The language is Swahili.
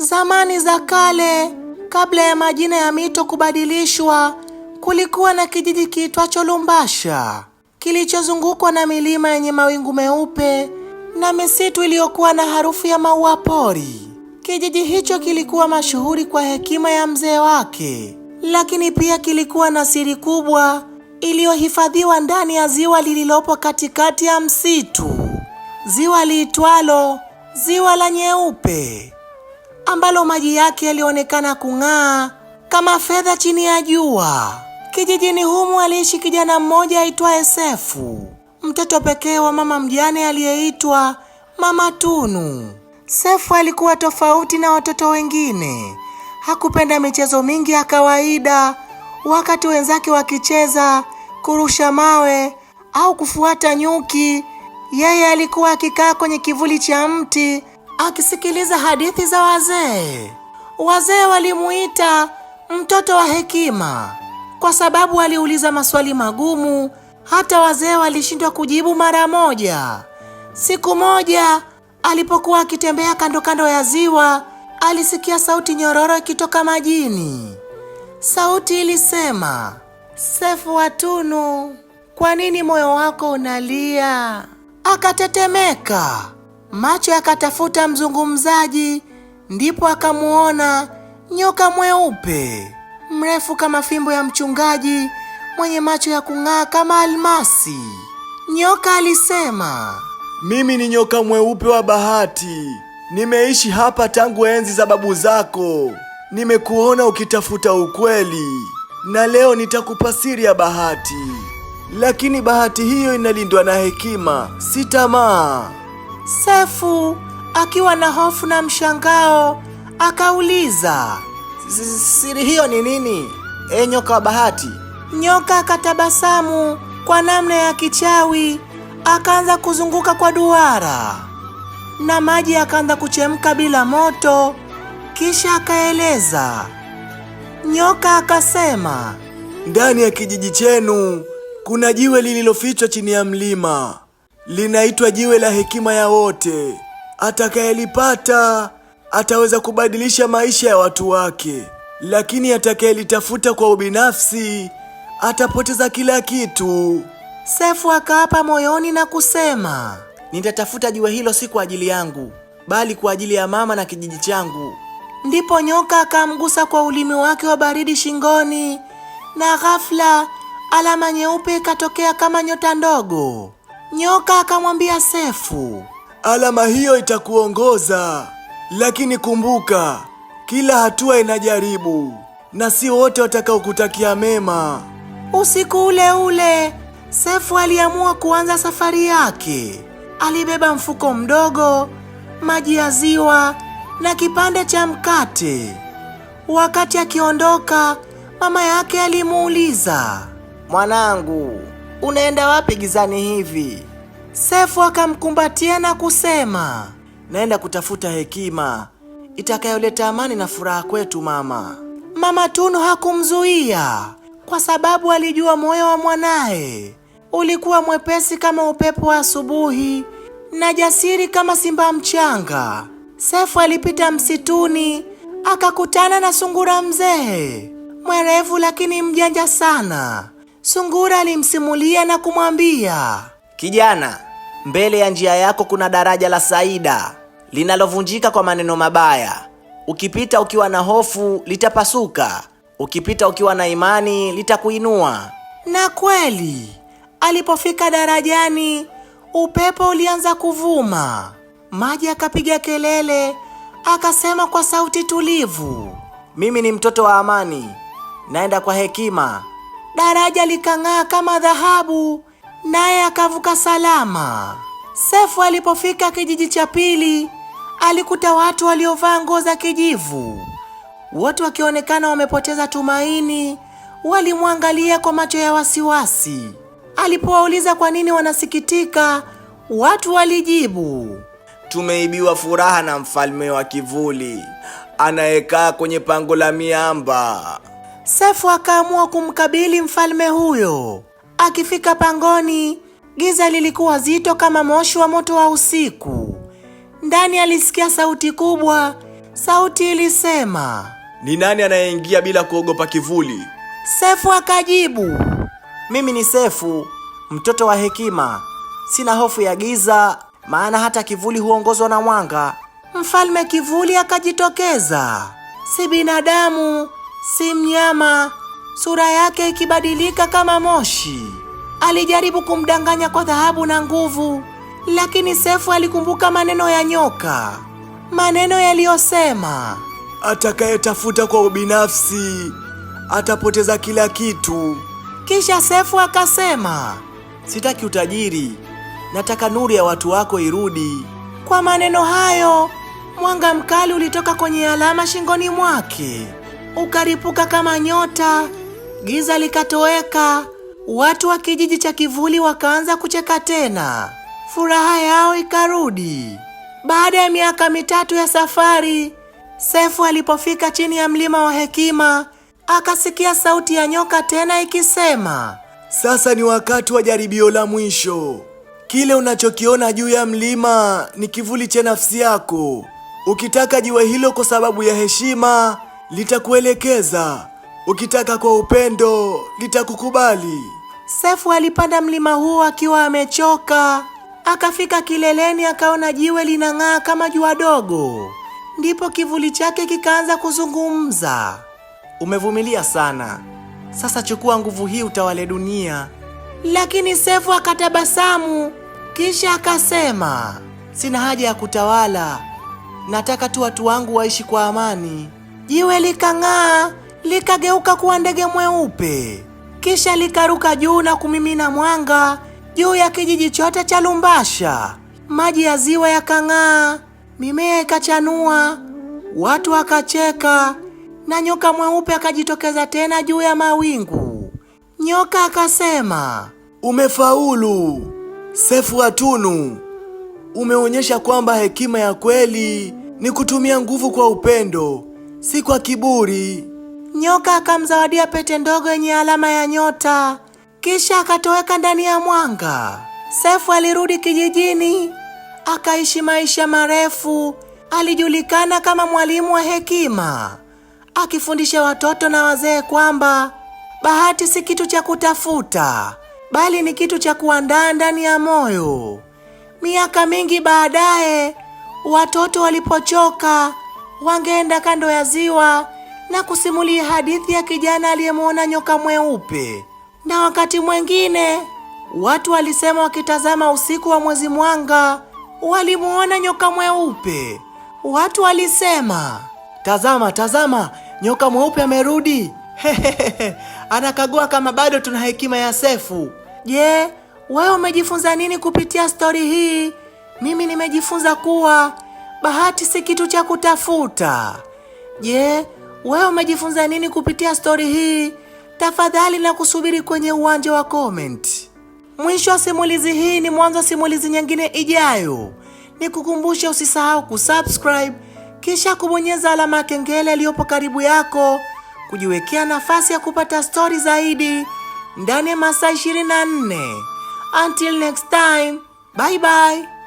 Zamani za kale, kabla ya majina ya mito kubadilishwa, kulikuwa na kijiji kiitwacho Lumbasha kilichozungukwa na milima yenye mawingu meupe na misitu iliyokuwa na harufu ya maua pori. Kijiji hicho kilikuwa mashuhuri kwa hekima ya mzee wake, lakini pia kilikuwa na siri kubwa iliyohifadhiwa ndani ya ziwa lililopo katikati ya msitu, ziwa liitwalo Ziwa la Nyeupe ambalo maji yake yalionekana kung'aa kama fedha chini ya jua. Kijijini humu aliishi kijana mmoja aitwaye Sefu, mtoto pekee wa mama mjane aliyeitwa Mama Tunu. Sefu alikuwa tofauti na watoto wengine. Hakupenda michezo mingi ya kawaida. Wakati wenzake wakicheza kurusha mawe au kufuata nyuki, yeye alikuwa akikaa kwenye kivuli cha mti akisikiliza hadithi za wazee. Wazee walimuita mtoto wa hekima kwa sababu aliuliza maswali magumu, hata wazee walishindwa kujibu mara moja. Siku moja alipokuwa akitembea kando kando ya ziwa, alisikia sauti nyororo ikitoka majini. Sauti ilisema, Sefu Watunu, kwa nini moyo wako unalia? Akatetemeka. Macho yakatafuta mzungumzaji, ndipo akamuona nyoka mweupe mrefu kama fimbo ya mchungaji mwenye macho ya kung'aa kama almasi. Nyoka alisema, mimi ni nyoka mweupe wa bahati, nimeishi hapa tangu enzi za babu zako. Nimekuona ukitafuta ukweli, na leo nitakupa siri ya bahati, lakini bahati hiyo inalindwa na hekima, si tamaa. Sefu akiwa na hofu na mshangao akauliza, siri hiyo ni nini, e nyoka wa bahati? Nyoka akatabasamu kwa namna ya kichawi, akaanza kuzunguka kwa duara na maji akaanza kuchemka bila moto, kisha akaeleza. Nyoka akasema, ndani ya kijiji chenu kuna jiwe lililofichwa chini ya mlima linaitwa jiwe la hekima ya wote. Atakayelipata ataweza kubadilisha maisha ya watu wake, lakini atakayelitafuta kwa ubinafsi atapoteza kila kitu. Sefu akaapa moyoni na kusema, nitatafuta jiwe hilo si kwa ajili yangu, bali kwa ajili ya mama na kijiji changu. Ndipo nyoka akamgusa kwa ulimi wake wa baridi shingoni, na ghafla alama nyeupe ikatokea kama nyota ndogo. Nyoka akamwambia Sefu, alama hiyo itakuongoza, lakini kumbuka, kila hatua inajaribu na si wote watakaokutakia mema. Usiku ule ule Sefu aliamua kuanza safari yake. Alibeba mfuko mdogo, maji ya ziwa na kipande cha mkate. Wakati akiondoka, mama yake alimuuliza, mwanangu, unaenda wapi gizani hivi? Sefu akamkumbatia na kusema, naenda kutafuta hekima itakayoleta amani na furaha kwetu mama. Mama Tunu hakumzuia kwa sababu alijua moyo wa mwanaye ulikuwa mwepesi kama upepo wa asubuhi na jasiri kama simba mchanga. Sefu alipita msituni akakutana na sungura mzee mwerevu lakini mjanja sana Sungura alimsimulia na kumwambia, kijana, mbele ya njia yako kuna daraja la Saida linalovunjika kwa maneno mabaya. Ukipita ukiwa na hofu litapasuka, ukipita ukiwa na imani litakuinua. Na kweli alipofika darajani, upepo ulianza kuvuma, Maji akapiga kelele, akasema kwa sauti tulivu, mimi ni mtoto wa amani, naenda kwa hekima daraja likang'aa kama dhahabu, naye akavuka salama. Sefu alipofika kijiji cha pili, alikuta watu waliovaa nguo za kijivu, wote wakionekana wamepoteza tumaini. Walimwangalia kwa macho ya wasiwasi. Alipowauliza kwa nini wanasikitika, watu walijibu, tumeibiwa furaha na mfalme wa kivuli anayekaa kwenye pango la miamba. Sefu akaamua kumkabili mfalme huyo. Akifika pangoni, giza lilikuwa zito kama moshi wa moto wa usiku. Ndani alisikia sauti kubwa. Sauti ilisema, ni nani anayeingia bila kuogopa kivuli? Sefu akajibu, mimi ni Sefu, mtoto wa hekima. Sina hofu ya giza, maana hata kivuli huongozwa na mwanga. Mfalme Kivuli akajitokeza, si binadamu si mnyama, sura yake ikibadilika kama moshi. Alijaribu kumdanganya kwa dhahabu na nguvu, lakini Sefu alikumbuka maneno ya nyoka, maneno yaliyosema, atakayetafuta kwa ubinafsi atapoteza kila kitu. Kisha Sefu akasema, sitaki utajiri, nataka nuru ya watu wako irudi. Kwa maneno hayo, mwanga mkali ulitoka kwenye alama shingoni mwake ukaripuka kama nyota. Giza likatoweka, watu wa kijiji cha Kivuli wakaanza kucheka tena, furaha yao ikarudi. Baada ya miaka mitatu ya safari, Sefu alipofika chini ya mlima wa hekima, akasikia sauti ya nyoka tena ikisema, sasa ni wakati wa jaribio la mwisho. Kile unachokiona juu ya mlima ni kivuli cha nafsi yako. Ukitaka jiwe hilo kwa sababu ya heshima litakuelekeza, ukitaka kwa upendo litakukubali. Sefu alipanda mlima huo akiwa amechoka. Akafika kileleni, akaona jiwe linang'aa kama jua dogo, ndipo kivuli chake kikaanza kuzungumza. Umevumilia sana, sasa chukua nguvu hii utawale dunia. Lakini Sefu akatabasamu, kisha akasema, sina haja ya kutawala, nataka tu watu wangu waishi kwa amani. Jiwe likang'aa likageuka kuwa ndege mweupe, kisha likaruka juu na kumimina mwanga juu ya kijiji chote cha Lumbasha. Maji ya ziwa yakang'aa, mimea ikachanua, watu wakacheka, na nyoka mweupe akajitokeza tena juu ya mawingu. Nyoka akasema, umefaulu Sefu Atunu, umeonyesha kwamba hekima ya kweli ni kutumia nguvu kwa upendo si kwa kiburi. Nyoka akamzawadia pete ndogo yenye alama ya nyota, kisha akatoweka ndani ya mwanga. Sefu alirudi kijijini, akaishi maisha marefu. Alijulikana kama mwalimu wa hekima, akifundisha watoto na wazee kwamba bahati si kitu cha kutafuta, bali ni kitu cha kuandaa ndani ya moyo. Miaka mingi baadaye, watoto walipochoka wangeenda kando ya ziwa na kusimulia hadithi ya kijana aliyemwona nyoka mweupe. Na wakati mwengine watu walisema wakitazama usiku wa mwezi mwanga walimwona nyoka mweupe. Watu walisema, tazama, tazama, nyoka mweupe amerudi, anakagua kama bado tuna hekima ya Sefu. Je, yeah, wewe umejifunza nini kupitia stori hii? Mimi nimejifunza kuwa bahati si kitu cha kutafuta. Je, wewe umejifunza nini kupitia stori hii? Tafadhali na kusubiri kwenye uwanja wa comment. Mwisho wa simulizi hii ni mwanzo wa simulizi nyingine ijayo. Nikukumbushe, usisahau kusubscribe kisha kubonyeza alama ya kengele iliyopo karibu yako, kujiwekea nafasi ya kupata stori zaidi ndani ya masaa 24. Until next time, bye bye.